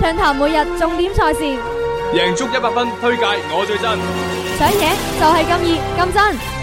暢談每日重點賽事，贏足一百分，推介我最真，想贏就係咁熱咁真。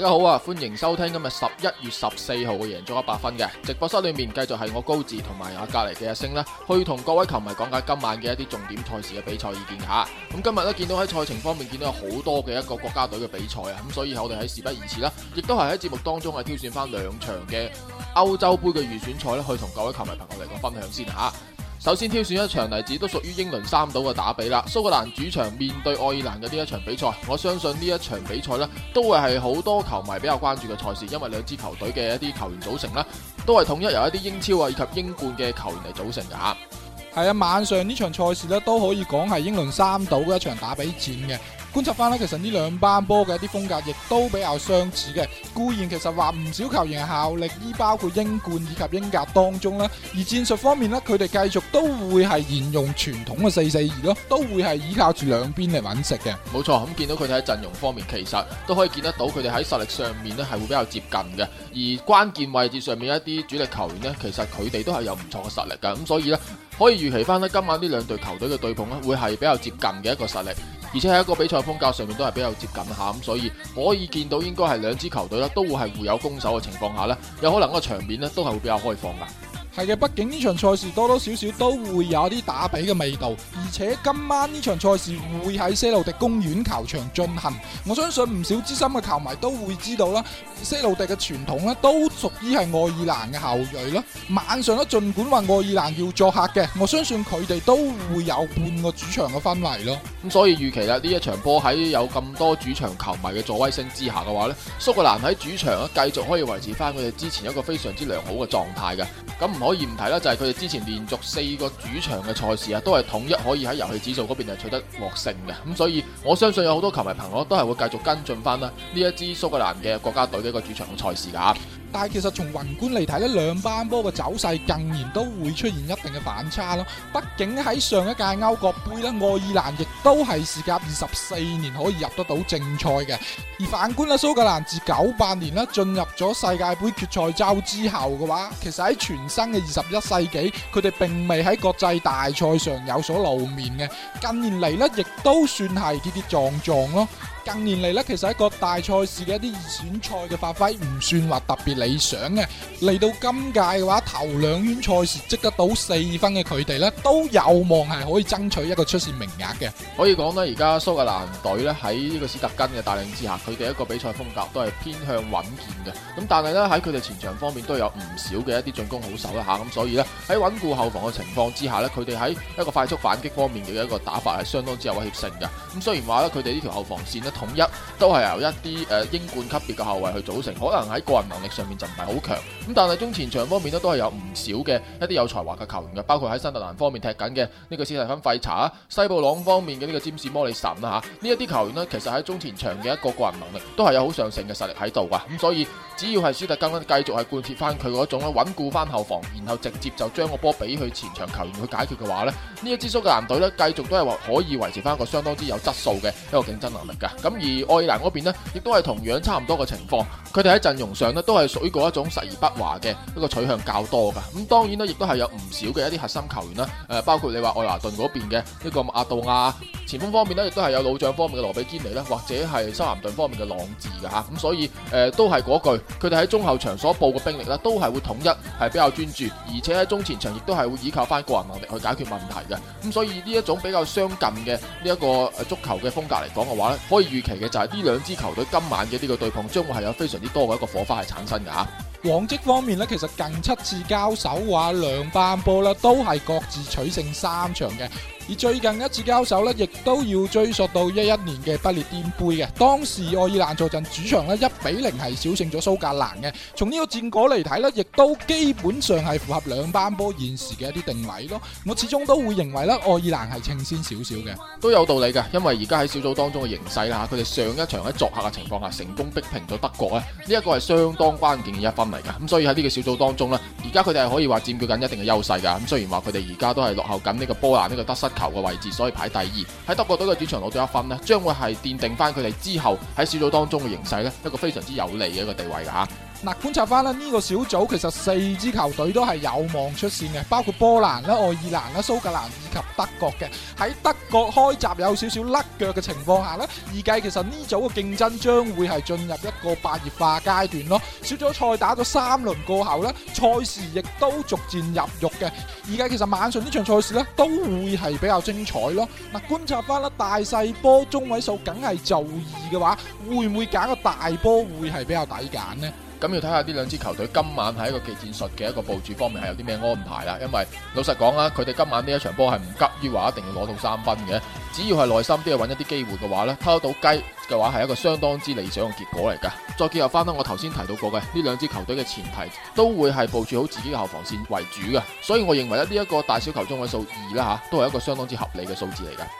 大家好啊！歡迎收聽今日十一月十四號嘅贏足一百分嘅直播室裏面，繼續係我高志同埋我隔籬嘅阿星啦，去同各位球迷講解今晚嘅一啲重點賽事嘅比賽意見吓。咁今日咧，見到喺賽程方面見到有好多嘅一個國家隊嘅比賽啊，咁所以我哋喺事不宜遲啦，亦都係喺節目當中啊挑選翻兩場嘅歐洲杯嘅預選賽咧，去同各位球迷朋友嚟個分享先吓。首先挑選一場例子，都屬於英倫三島嘅打比啦。蘇格蘭主場面對愛爾蘭嘅呢一場比賽，我相信呢一場比賽呢，都會係好多球迷比較關注嘅賽事，因為兩支球隊嘅一啲球員組成呢，都係統一由一啲英超啊以及英冠嘅球員嚟組成噶吓。係啊，晚上呢場賽事呢，都可以講係英倫三島嘅一場打比戰嘅。觀察翻咧，其實呢兩班波嘅一啲風格亦都比較相似嘅。固然其實話唔少球員嘅效力，依包括英冠以及英甲當中啦，而戰術方面呢，佢哋繼續都會係沿用傳統嘅四四二咯，都會係依靠住兩邊嚟揾食嘅。冇錯，咁、嗯、見到佢哋喺陣容方面，其實都可以見得到佢哋喺實力上面呢係會比較接近嘅。而關鍵位置上面一啲主力球員呢，其實佢哋都係有唔錯嘅實力㗎。咁所以呢，可以預期翻呢今晚呢兩隊球隊嘅對碰呢，會係比較接近嘅一個實力。而且喺一個比賽風格上面都係比較接近下咁，所以可以見到應該係兩支球隊咧，都會係互有攻守嘅情況下呢，有可能個場面呢都係會比較開放㗎。係嘅，畢竟呢場賽事多多少少都會有啲打比嘅味道，而且今晚呢場賽事會喺西路迪公園球場進行。我相信唔少資深嘅球迷都會知道啦，西路迪嘅傳統咧都屬於係愛爾蘭嘅後裔咯。晚上都儘管話愛爾蘭要作客嘅，我相信佢哋都會有半個主場嘅氛圍咯。咁所以預期啦，呢一場波喺有咁多主場球迷嘅助威聲之下嘅話呢，蘇格蘭喺主場啊，繼續可以維持翻佢哋之前一個非常之良好嘅狀態嘅，咁。可以唔提啦，就係佢哋之前連續四個主場嘅賽事啊，都係統一可以喺遊戲指數嗰邊係取得獲勝嘅，咁所以我相信有好多球迷朋友都係會繼續跟進翻啦呢一支蘇格蘭嘅國家隊嘅一個主場嘅賽事㗎。但係其實從宏觀嚟睇呢，兩班波嘅走勢近年都會出現一定嘅反差咯。畢竟喺上一屆歐國盃咧，愛爾蘭亦都係時隔二十四年可以入得到正賽嘅。而反觀咧，蘇格蘭自九八年咧進入咗世界盃決賽周之後嘅話，其實喺全新嘅二十一世紀，佢哋並未喺國際大賽上有所露面嘅。近年嚟呢，亦都算係跌跌撞撞咯。近年嚟呢，其實喺各大賽事嘅一啲預選賽嘅發揮唔算話特別理想嘅。嚟到今屆嘅話，頭兩圈賽事積得到四分嘅佢哋呢，都有望係可以爭取一個出線名額嘅。可以講呢，而家蘇格蘭隊呢，喺呢個史特根嘅帶領之下，佢哋一個比賽風格都係偏向穩健嘅。咁但係呢，喺佢哋前場方面都有唔少嘅一啲進攻好手啦吓。咁所以呢，喺穩固後防嘅情況之下呢，佢哋喺一個快速反擊方面嘅一個打法係相當之有威脅性嘅。咁雖然話呢，佢哋呢條後防線呢。統一都係由一啲誒、呃、英冠級別嘅後衞去組成，可能喺個人能力上面就唔係好強。咁但係中前場方面咧，都係有唔少嘅一啲有才華嘅球員嘅，包括喺新特蘭方面踢緊嘅呢個斯蒂芬費查，西布朗方面嘅呢個詹士摩利臣啦嚇。呢一啲球員呢，其實喺中前場嘅一個個人能力都係有好上乘嘅實力喺度㗎。咁、啊、所以只要係斯特根繼續係貫徹翻佢嗰種咧，穩固翻後防，然後直接就將個波俾去前場球員去解決嘅話咧，呢一支蘇格蘭隊咧，繼續都係話可以維持翻一個相當之有質素嘅一個競爭能力㗎。咁而愛爾蘭嗰邊咧，亦都係同樣差唔多嘅情況。佢哋喺陣容上呢，都係屬於嗰一種實而不華嘅一個取向較多噶。咁、嗯、當然啦，亦都係有唔少嘅一啲核心球員啦。誒、呃，包括你話愛華頓嗰邊嘅呢、這個阿杜亞，前鋒方，方面呢，亦都係有老將方面嘅羅比堅尼啦，或者係西蘭頓方面嘅朗治嘅嚇。咁、啊嗯、所以誒、呃，都係嗰句，佢哋喺中後場所佈嘅兵力呢，都係會統一，係比較專注，而且喺中前場亦都係會依靠翻個人能力去解決問題嘅。咁、嗯、所以呢一種比較相近嘅呢一個足球嘅風格嚟講嘅話呢。可以。預期嘅就係呢兩支球隊今晚嘅呢個對碰，將會係有非常之多嘅一個火花係產生噶、啊。吓。往績方面咧，其實近七次交手話兩班波咧、啊、都係各自取勝三場嘅。而最近一次交手呢，亦都要追溯到一一年嘅不列顛盃嘅。當時愛爾蘭坐鎮主場呢，一比零係小勝咗蘇格蘭嘅。從呢個戰果嚟睇呢，亦都基本上係符合兩班波現時嘅一啲定位咯。我始終都會認為呢，愛爾蘭係稱先少少嘅，都有道理嘅。因爲而家喺小組當中嘅形勢啦，吓佢哋上一場喺作客嘅情況下成功逼平咗德國啊，呢一個係相當關鍵嘅一分嚟噶。咁所以喺呢個小組當中呢，而家佢哋係可以話佔據緊一定嘅優勢嘅。咁雖然話佢哋而家都係落後緊呢個波蘭呢個得失頭嘅位置，所以排第二。喺德國隊嘅主場攞咗一分呢，將會係奠定翻佢哋之後喺小組當中嘅形勢呢，一個非常之有利嘅一個地位噶吓。嗱，觀察翻啦，呢、呢個小組其實四支球隊都係有望出線嘅，包括波蘭啦、愛爾蘭啦、蘇格蘭以及德國嘅。喺德國開閘有少少甩腳嘅情況下呢，預計其實呢組嘅競爭將會係進入一個白熱化階段咯。小組賽打咗三輪過後呢，賽事亦都逐漸入肉嘅。預計其實晚上呢場賽事咧，都會係比較精彩咯。嗱，觀察翻啦，大細波中位數梗係就二嘅話，會唔會揀個大波會係比較抵揀呢？咁要睇下呢兩支球隊今晚喺個技戰術嘅一個部署方面係有啲咩安排啦，因為老實講啦、啊，佢哋今晚呢一場波係唔急於話一定要攞到三分嘅，只要係耐心啲去搵一啲機會嘅話呢，偷到雞，嘅話係一個相當之理想嘅結果嚟噶，再結合翻啦，我頭先提到過嘅呢兩支球隊嘅前提，都會係部署好自己嘅後防線為主嘅，所以我認為呢一個大小球中位數二啦吓，都係一個相當之合理嘅數字嚟噶。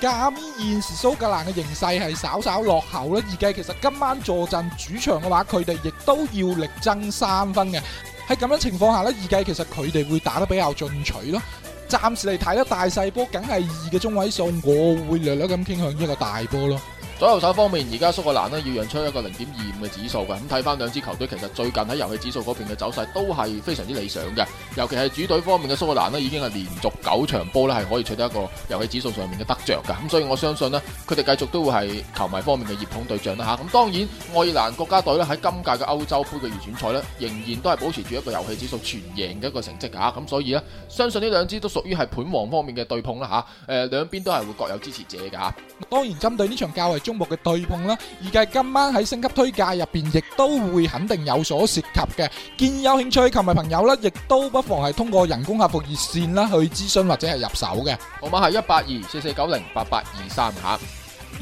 嗱，咁現時蘇格蘭嘅形勢係稍稍落後啦，預計其實今晚坐鎮主場嘅話，佢哋亦都要力爭三分嘅。喺咁樣情況下呢，預計其實佢哋會打得比較進取咯。暫時嚟睇咧，大細波，梗係二嘅中位數，我會略略咁傾向一個大波咯。左右手方面，而家蘇格蘭咧要讓出一個零點二五嘅指數嘅，咁睇翻兩支球隊其實最近喺遊戲指數嗰邊嘅走勢都係非常之理想嘅，尤其係主隊方面嘅蘇格蘭咧已經係連續九場波咧係可以取得一個遊戲指數上面嘅得着㗎，咁所以我相信咧佢哋繼續都會係球迷方面嘅熱捧對象啦嚇。咁當然愛爾蘭國家隊咧喺今屆嘅歐洲杯嘅預選賽咧仍然都係保持住一個遊戲指數全贏嘅一個成績嚇，咁所以咧相信呢兩支都屬於係盤王方面嘅對碰啦嚇，誒兩邊都係會各有支持者㗎嚇。當然針對呢場較為項目嘅對碰啦，而家今晚喺升級推介入邊，亦都會肯定有所涉及嘅。見有興趣購買朋友啦，亦都不妨係通過人工客服熱線啦去諮詢或者係入手嘅。號碼係一八二四四九零八八二三吓。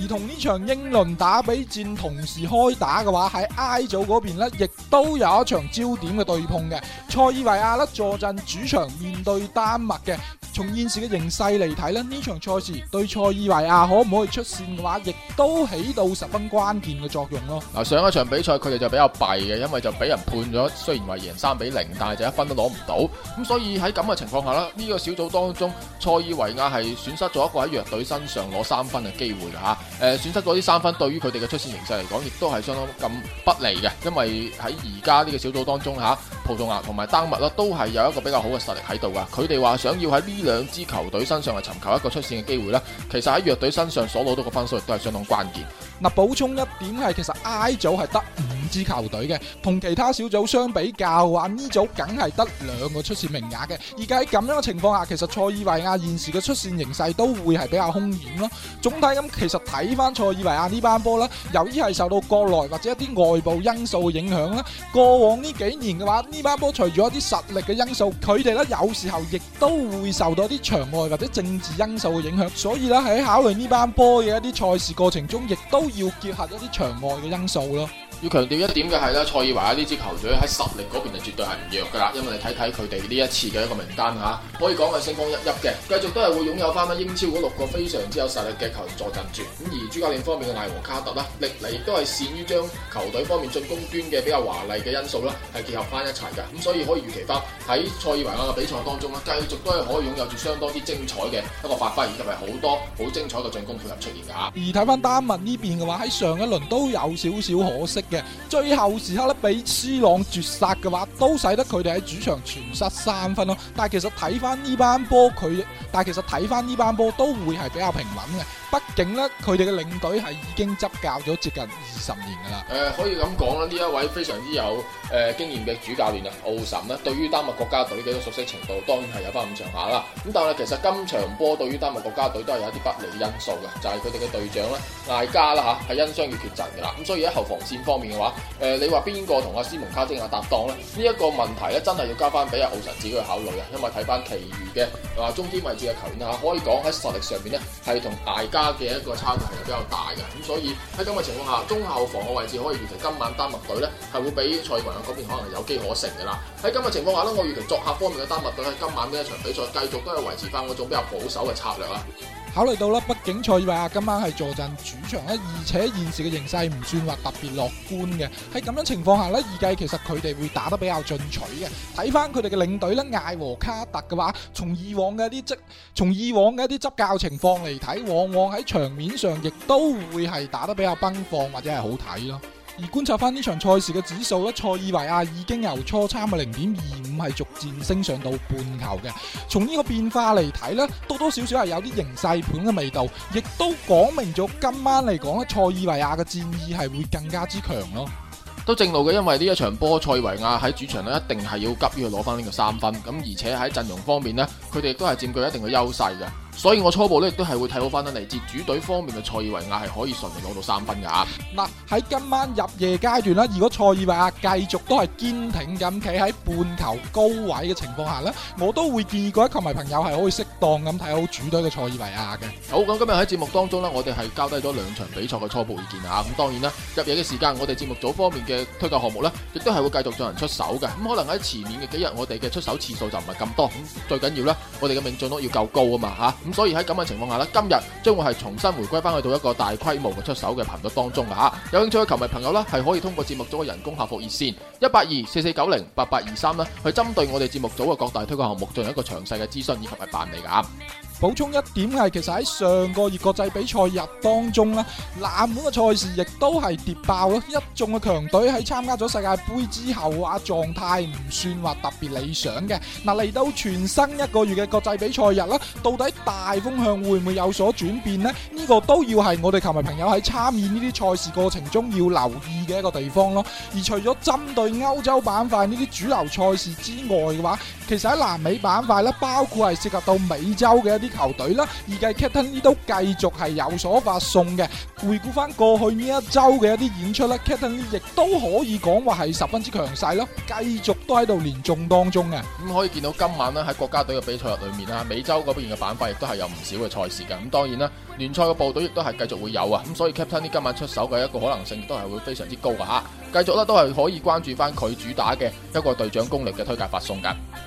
而同呢場英倫打比戰同時開打嘅話，喺 I 組嗰邊呢亦都有一場焦點嘅對碰嘅。塞爾維亞呢，坐鎮主場面對丹麥嘅，從現時嘅形勢嚟睇呢，呢場賽事對塞爾維亞可唔可以出線嘅話，亦都起到十分關鍵嘅作用咯。嗱，上一場比賽佢哋就比較弊嘅，因為就俾人判咗，雖然話贏三比零，0, 但係就一分都攞唔到。咁所以喺咁嘅情況下咧，呢、這個小組當中塞爾維亞係損失咗一個喺弱隊身上攞三分嘅機會嘅吓。誒，損、呃、失咗啲三分，對於佢哋嘅出線形勢嚟講，亦都係相當咁不利嘅。因為喺而家呢個小組當中吓，葡萄牙同埋丹麥啦，都係有一個比較好嘅實力喺度噶。佢哋話想要喺呢兩支球隊身上嚟尋求一個出線嘅機會咧，其實喺弱隊身上所攞到嘅分數亦都係相當關鍵。嗱，補充一點係，其實 I 組係得。支球隊嘅，同其他小組相比較嘅話，呢組梗係得兩個出線名額嘅。而家喺咁樣嘅情況下，其實塞爾維亞現時嘅出線形勢都會係比較兇險咯。總體咁，其實睇翻，塞爾維亞呢班波啦，由於係受到國內或者一啲外部因素嘅影響啦，過往呢幾年嘅話，呢班波除咗一啲實力嘅因素，佢哋呢有時候亦都會受到一啲場外或者政治因素嘅影響。所以呢喺考慮呢班波嘅一啲賽事過程中，亦都要結合一啲場外嘅因素咯。要強調一點嘅係啦，塞爾維亞呢支球隊喺實力嗰邊就絕對係唔弱噶啦，因為你睇睇佢哋呢一次嘅一個名單嚇，可以講係星光熠熠嘅，繼續都係會擁有翻啦英超嗰六個非常之有實力嘅球員助陣住。咁而主教練方面嘅艾和卡特啦，歷嚟亦都係擅於將球隊方面進攻端嘅比較華麗嘅因素啦，係結合翻一齊嘅。咁所以可以預期翻喺塞爾維亞嘅比賽當中啦，繼續都係可以擁有住相當之精彩嘅一個發揮，以及係好多好精彩嘅進攻配合出現嘅嚇。而睇翻丹麥呢邊嘅話，喺上一輪都有少少可惜。最後時刻咧，俾伊朗絕殺嘅話，都使得佢哋喺主場全失三分咯。但係其實睇翻呢班波，佢但係其實睇翻呢班波都會係比較平穩嘅。畢竟咧，佢哋嘅領隊係已經執教咗接近二十年噶啦。誒、呃，可以咁講啦，呢一位非常之有誒、呃、經驗嘅主教練啊，奧神咧，對於丹麥國家隊嘅熟悉程度，當然係有翻咁上下啦。咁但係其實今場波對於丹麥國家隊都係有一啲不利因素嘅，就係佢哋嘅隊長咧艾加啦嚇，係、啊、因傷而缺陣嘅啦。咁、啊、所以喺後防線方面嘅話，誒、呃、你話邊個同阿斯蒙卡丁阿搭檔咧？呢、這、一個問題咧，真係要交翻俾阿奧神自己去考慮嘅，因為睇翻其餘嘅話、啊、中堅位置嘅球員啊，可以講喺實力上面咧係同艾加嘅一個差距係比較大嘅，咁所以喺咁嘅情況下，中後防嘅位置可以預期今晚丹麥隊咧係會俾賽雲啊嗰邊可能有機可乘嘅啦。喺今日情況下咧，我預期作客方面嘅丹麥隊喺今晚呢一場比賽繼續都係維持翻嗰種比較保守嘅策略啊。考慮到啦，畢竟塞爾維亞今晚係坐鎮主場咧，而且現時嘅形勢唔算話特別樂觀嘅。喺咁樣情況下呢，預計其實佢哋會打得比較進取嘅。睇翻佢哋嘅領隊呢，艾和卡特嘅話，從以往嘅一啲執，從以往嘅一啲執教情況嚟睇，往往喺場面上亦都會係打得比較奔放或者係好睇咯。而觀察翻呢場賽事嘅指數咧，塞爾維亞已經由初參嘅零點二五係逐漸升上到半球嘅。從呢個變化嚟睇呢，多多少少係有啲形勢盤嘅味道，亦都講明咗今晚嚟講呢，塞爾維亞嘅戰意係會更加之強咯。都正路嘅，因為呢一場波塞爾維亞喺主場咧，一定係要急於去攞翻呢個三分。咁而且喺陣容方面呢，佢哋都係佔據一定嘅優勢嘅。所以我初步咧亦都係會睇好翻嚟自主隊方面嘅塞爾維亞係可以順利攞到三分噶吓、啊。嗱，喺今晚入夜階段咧，如果塞爾維亞繼續都係堅挺咁企喺半球高位嘅情況下呢，我都會建議嗰啲球迷朋友係可以適當咁睇好主隊嘅塞爾維亞嘅。好，咁今日喺節目當中呢，我哋係交低咗兩場比賽嘅初步意見啊。咁、嗯、當然啦，入夜嘅時間，我哋節目組方面嘅推介項目呢，亦都係會繼續進行出手嘅。咁、嗯、可能喺前面嘅幾日，我哋嘅出手次數就唔係咁多。嗯、最緊要呢，我哋嘅命中率要夠高嘛啊嘛吓。咁所以喺咁嘅情況下咧，今日將會係重新回歸翻去到一個大規模嘅出手嘅頻率當中嘅嚇。有興趣嘅球迷朋友咧，係可以通過節目組嘅人工客服熱線一八二四四九零八八二三咧，去針對我哋節目組嘅各大推廣項目進行一個詳細嘅諮詢以及係辦理嘅。補充一點係，其實喺上個月國際比賽日當中呢，冷門嘅賽事亦都係跌爆啦。一眾嘅強隊喺參加咗世界杯之後啊，啊狀態唔算話特別理想嘅。嗱，嚟到全新一個月嘅國際比賽日啦，到底大風向會唔會有所轉變呢？呢、呢個都要係我哋球迷朋友喺參與呢啲賽事過程中要留意嘅一個地方咯。而除咗針對歐洲板塊呢啲主流賽事之外嘅話，其實喺南美板塊咧，包括係涉及到美洲嘅一啲。球隊啦，而家 Captain Lee 都繼續係有所發送嘅。回顧翻過去呢一周嘅一啲演出啦，Captain Lee 亦都可以講話係十分之強勢咯，繼續都喺度連中當中嘅。咁、嗯、可以見到今晚咧喺國家隊嘅比賽入裏面啦，美洲嗰邊嘅板塊亦都係有唔少嘅賽事嘅。咁當然啦，聯賽嘅部隊亦都係繼續會有啊。咁所以 Captain Lee 今晚出手嘅一個可能性都係會非常之高噶。繼續咧都係可以關注翻佢主打嘅一個隊長功力嘅推介發送噶。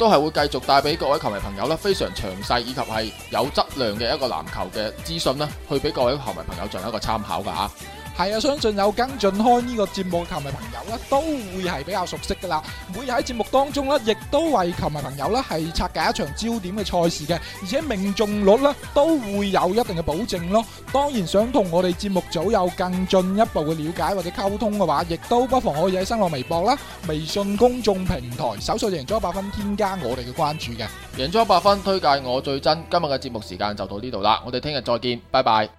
都係會繼續帶俾各位球迷朋友啦，非常詳細以及係有質量嘅一個籃球嘅資訊啦，去俾各位球迷朋友做一個參考噶吓。係啊，相信有跟進開呢個節目嘅球迷朋友啦，都會係比較熟悉噶啦。每日喺節目當中啦，亦都為球迷朋友啦係拆解一場焦點嘅賽事嘅，而且命中率啦都會有一定嘅保證咯。當然，想同我哋節目組有更進一步嘅了解或者溝通嘅話，亦都不妨可以喺新浪微博啦、微信公眾平台搜索贏咗一百分，添加我哋嘅關注嘅。贏咗一百分推介我最真，今日嘅節目時間就到呢度啦，我哋聽日再見，拜拜。